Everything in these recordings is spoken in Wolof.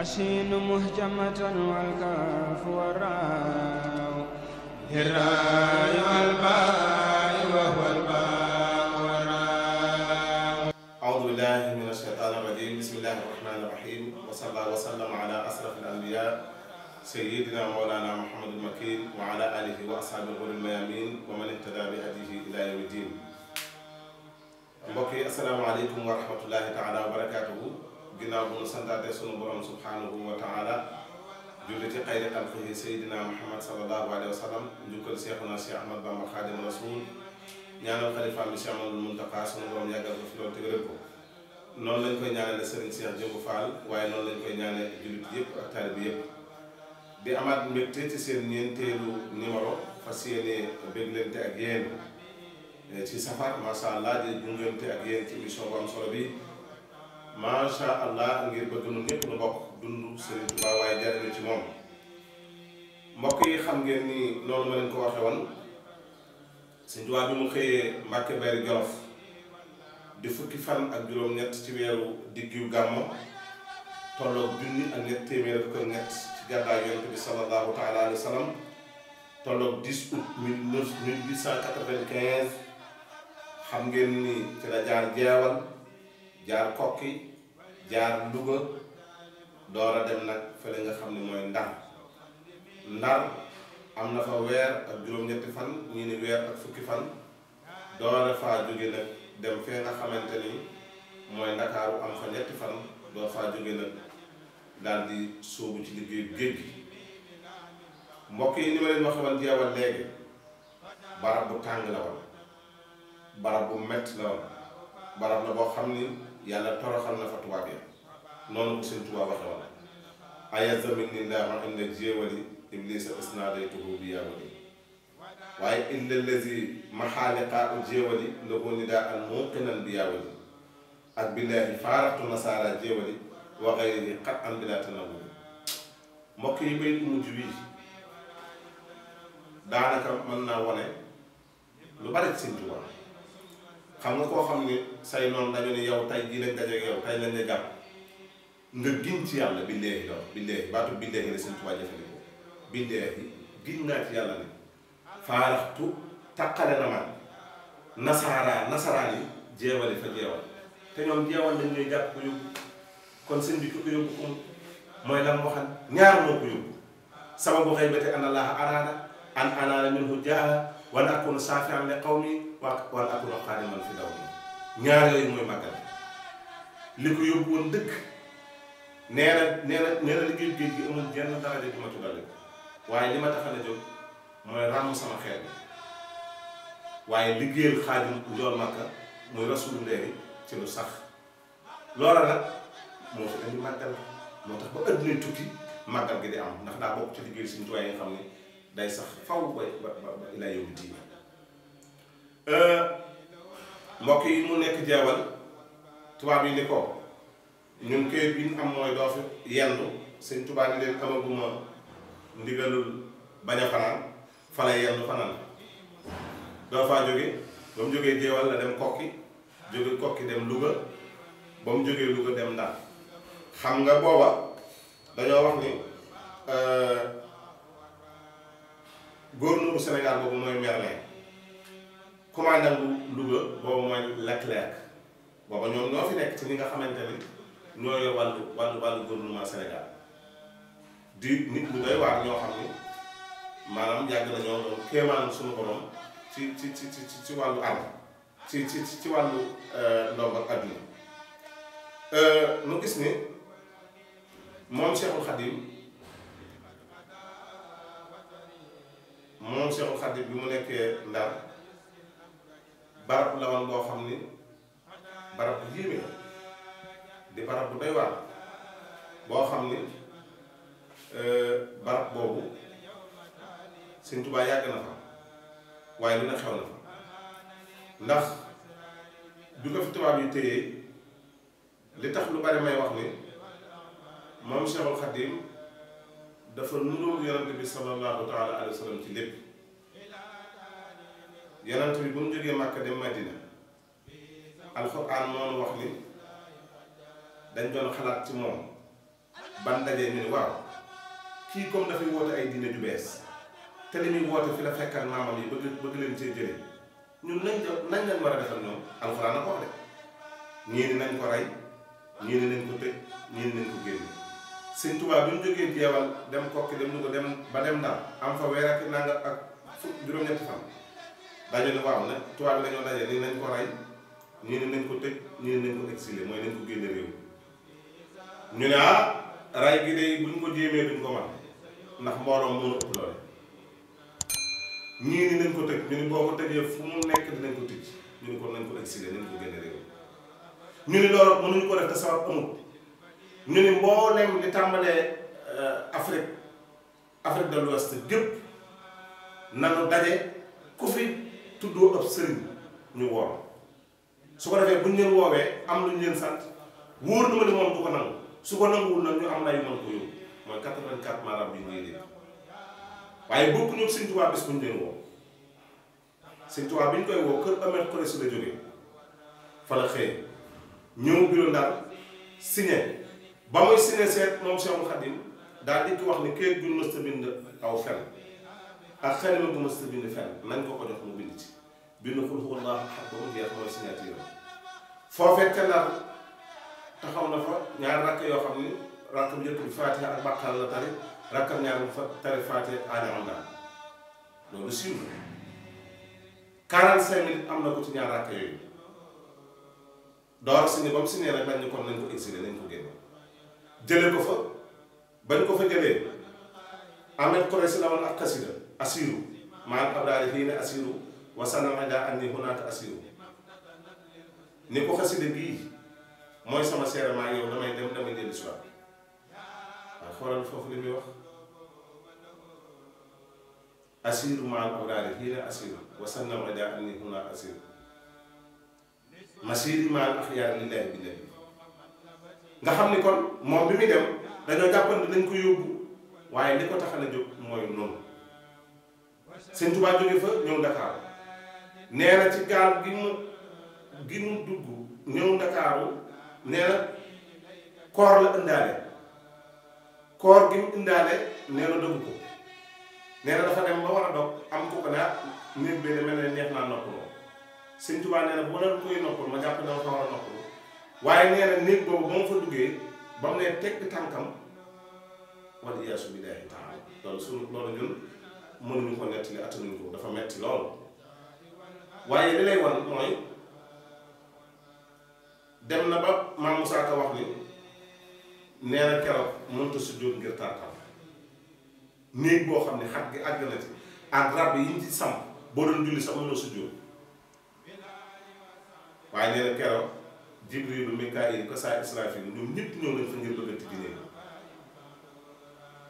أشين مهجمة والكاف والراء الراء والباء وهو الباء والراء أعوذ بالله من الشيطان الرجيم بسم الله الرحمن الرحيم وصلى الله وسلم على أشرف الأنبياء سيدنا مولانا محمد المكين وعلى آله وأصحابه الغر الميامين ومن اهتدى بهديه إلى يوم الدين. mbokk yi asalaamaaleykum wa rahmatullahi taala wa barakaatuhu ginaaw bu nu santaate sunu borom subhanahu wa taala julli ci xayri xalqihi sayidina muhammad salallahu alayhi wa sallam njukkal seexuna si ahmad bamba xaadimu rasul ñaanal xalifaam bi si amadul muntaqa sunu borom yàggal ko fi loolu te wéral ko lañ koy ñaanale sëriñ Cheikh Jëmbu Fall waaye noonu lañ koy ñaanale jullit yëpp ak taalibe yëpp di amaat mbégte ci seen ñeenteelu numéro fas yéene béglante ak yéen eh, ci safar macha allah di jungante ak yéen ci émission bu am solo bi macha allah ngir bëgg nu ñëpp nu bokk dund Sëriñ Tuubaa waaye jariñu ci moom mbokk yi xam ngeen ni noonu ma leen ko waxe woon Sëriñ Tuubaa bi mu xëyee Mbàkke Bari Jolof di fukki fan ak juróom-ñett ci weeru diggu gàmmu tolloog junni ak ñett téeméer ak ñett ci gàddaay Yonent bi sallallahu taala alayhi wa sallam tolloog 10 août 1895 xam ngeen ni ci la jaar jeewal jaar kokki jaar Louga door a dem nag fële nga xam ne mooy Ndar Ndar am na fa weer ak juróom-ñetti fan ñu ni weer ak fukki fan door a faa jóge nag dem fee nga xamante ni mooy Ndakaaru am fa ñetti fan door faa jóge nag daal di ci liggéey géej gi mbokk yi ni ma leen wax woon léegi barab bu tàng la woon barab bu mett la woon barab la boo xam ni yàlla toroxal na fa tubaab noonu ko seen tubaab waxe woon aya zamin ni laa ma inda jéewali iblisa isnaadaytuhu bi yaawali waaye illa lazi maxaaliqa u jéewali lahu nidaa al muqinan bi yaawali ak billaahi faaraxtu nasaara jéewali wa gayrihi qat an bilaa tanawul mbokk yi bayit mujj bii daanaka mën naa wone lu bari ci xam nga koo xam ne say noonu dañu ne yow tay jii lañ dajeeg yow tay lañ la jàpp nga giñ ci yàlla billaahi lool billaahi baatu billaahi la Sëriñ Tuubaa jëfandikoo billaahi giñ naa ci yàlla ne faaraxtu taqale na man nasaaraa nasaraan yi jeewali fa jeewal te ñoom jeewal lañ ñuy jàpp ko yóbbu kon sëñ bi ko yóbbu mooy lan waxal ñaar moo ko yóbbu sababu xëy ba te an an anaana minhu jaaha wala ko yóbbu woon dëkk nee na nee na nee waaye li ma tax a mooy ràmm sama xeet bi waaye liggéeyal xaadim njool màkka muy rasulullahi ci lu sax loola nag moo fi indi màggal moo tax ba ëddunay tukki màggal gi di am ndax daa bokk ci liggéeyal suñu tuwaay yi nga xam ne day sax faw ba ba ba ilaa euh, mbokk yi mu nekk jeewal tubaab yi ni ko ñun këyit bi ñu am mooy doo fi yendu sëñ tubaab yi leen amaguma ndigalul bañ fanaan fa la yendu fanaan doo faa jóge ba mu jógee jeewal la dem kokki jóge kokki dem Louga ba mu jógee Louga dem Ndar xam nga booba dañoo wax ni euh, gouverneur bu Sénégal boobu mooy Merlin commandant bu Louga boobu mooy Leclerc booba ñoom ñoo fi nekk ci ñi nga xamante ni ñoo yor wàllu wàllu wàllu gouvernement Sénégal di nit ñu doy waar ñoo xam ni maanaam yàgg nañoo doon kéemaanu suñu borom ci ci ci ci ci wàllu àll ci ci ci wàllu euh, ndoom ak adduna euh, gis ni moom Cheikhul Khadim moom Seexul bi mu nekkee Ndar barab la xam ni barab xam ni euh, barab boobu Sëñ Tuubaa yàgg na fa waaye lu ne xew na tubaab yi téye li tax lu bari may wax ni moom Seexul Xadiim dafa nuróog yonante bi sallallahu taala alayhi wa sallam ci lépp yonent bi bu mu jógee Màkka dem Madina alxuraan moonu wax ni dañ doon xalaat ci moom ban dajee ñu ni waaw kii comme dafay woote ay diine ju bees te li muy woote fi la fekkal maamam yi bëgg bëgg leen cee jëlee ñun nañ doon nañ leen a na ko wax de ñii ni nañ ko rey ñii ni nañ ko tëj ñii ni nañ ko génne Sëñ Tuubaa bi mu jógee jeewal dem kokki dem Louga dem ba dem Ndar am fa weer ak nanga ak juróom-ñetti fan dajale waaw nag tubaab bi dañoo ni ko rey ñu ne nañ ko tëj ñu ne nañ ko exilé mooy ah, gi day ndax mbooloo moo ëpp ñii ni nañ ko tëj ñu ne boo ko tëjee fu ñu ne nañ ko génne réew ñu ne loolu mënuñu ko def te sabab amul ñu ne mboolem li tàmbalee euh, Afrique Afrique de l'Ouest gépp nanu daje ku fi tuddoo ab sëriñ ñu wor su ko defee buñ leen woowee am luñ leen sant wóor na ma ne moom du ko nangu su ko nanguwul nag ñu am lay mën ko yóbbu mooy 84 maanaam bi ñuy dégg waaye bokk ñoom Sëriñ bis buñ leen woo Sëriñ bi ñu koy woo kër Ahmed Khoureyssi la jógee fa la xëy ñëw biro Ndar signé ba muy signé seet moom Seexul Xadiim daal di wax ni kayit guñ mës a bind aw fen ak xel ma bu ma si bind fenn nañ ko ko jox mu bind ci bind ko lu wallaahu ahad na ñaar rakk yoo xam ni rakk bu njëkk bi Faatiha ak Baqara la tari rakkam ñaar mu fa na 45 minutes am na door si ne ba mu si nee rek dañ ñu nañ ko exilé nañ ko génne jële ko fa bañ ko fa jëlee Ahmed Khuree si la woon ak kasida asiru maal abraari fii na asiru wa sanama daa anni hunaaka ni ko xasida gii mooy sama seere maa yow damay dem damay dellu si waat xoolal foofu li muy wax asiru maal abraari fii na asiru wa sanama daa anni hunaaka asiru masiri maal axyaar lillahi billahi nga xam ni kon moom bi muy dem dañoo jàppandi dañ ko yóbbu waaye li ko tax a jóg mooy noonu sëñ Tuubaa jóge fa ñëw Ndakaaru nee na ci gaal gi mu gi mu dugg ñëw Ndakaaru nee koor la indaale koor gi mu indaale nee na ko nee dafa dem ba war a dog am ku ko ne nit mel ne neex naa noppaloo sëñ Tuubaa nee na bu ma doon koy noppal ma jàpp ne ma fa war a noppaloo waaye nee na boobu ba mu fa duggee ba mu ne tekk tànkam wala iyaasu billaahi taala loolu suñu loolu ñun mënuñu ko a attanuñu ko dafa metti lool waaye li lay wan mooy dem na ba Maam Musaa Ka wax ni nee na keroog mënta sujjóot ngir tànkam néeg boo xam ne xat gi àgg na ci ak rab yi ñu ci samp boo doon julli sax mënoo sujjóot waaye nee na keroog Jibril Mikaayil ko saa Israafil ñoom ñëpp ñëw nañ fa ngir bëggante ji néeg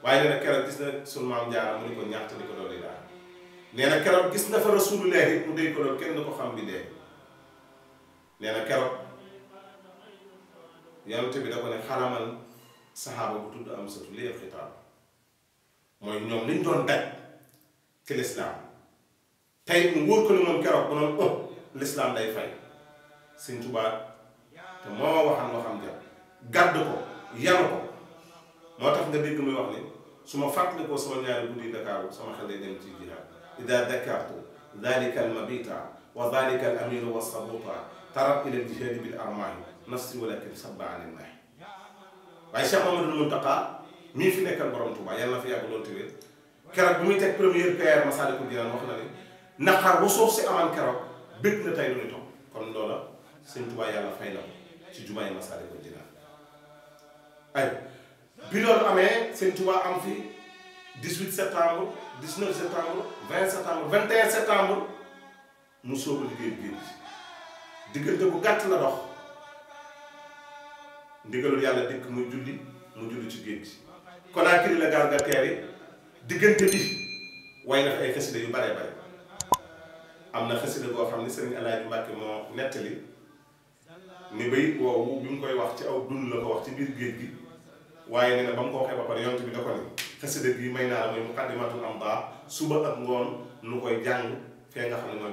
waaye nee keroog gis na sunu maam mu ni ko ñaxta ko loolu yi daal nee keroog gis na fa rasulullah mu déy ko loolu kenn du ko xam bi dee keroog yonent bi da ko ne xalamal saxaaba bu tudd am satu li xitaab mooy ñoom liñ doon daj ci lislaam tey mu ko ne moom keroog bu noonu oh, lislaam day fay Sëñ Tuubaa te moo waxam waxam ja gàdd ko yar ko moo tax nga dégg muy wax ni su ma fàttalikoo sama ñaari guddi Dakar sama xel day dem ci jihaad dakartu dalika almabita wa dalika al wa sabuta tarab ila aljihaadi bil armaahi nafsi walakin sabba an ilmaahi waaye Cheikh Mamadou Muntaqa mii fi nekk borom Tuubaa yàlla na fi yàgg loolu tëwee keroog bi muy teg première pierre Masaalikul Jinaan wax naqar bu si amaan keroog bëgg na tey lu kon loola sëñ Tuubaa yàlla fay na ko ci jumaay Masaalikul bi loolu amee seen Tuubaa am fi 18 septembre 19 septembre 20 septembre 21 septembre mu sóobu liggéey bi diggante bu gàtt la dox ndigalul yàlla dikk mu julli mu julli ci géej gi Conakry la gaal ga teeri diggante bi way na ay xasida yu bare bare am na xasida boo xam ne Sëriñ Alaaji Mbàkke moo nettali ni bay woowu bi mu koy wax ci aw dund la ko wax ci biir géej gi waaye nee na ba mu ko waxee ba pare yonent bi da ko ni xasida bii may naa la mooy muqaddimatul am baax suba ak ngoon nu koy jàng fee nga xam ne mooy a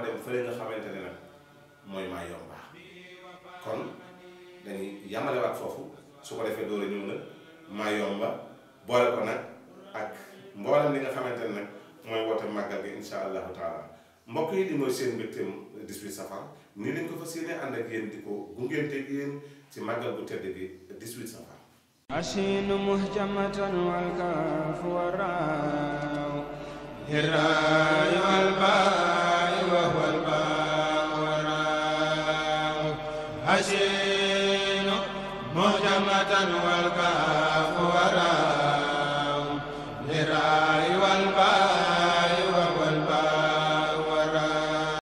dem fële nga xamante boole ko nag ak mboolem li nga xamante ne nag mooy woote màggal gi incha allahu taala mbokk yi di mooy seen mbégteem 18 safar nii lañ ko fas yéene ànd ak yéen di ko gungenteeg yéen ci màggal bu tedd bi 18 safar ashin muhjamatan wal kaaf wa raaw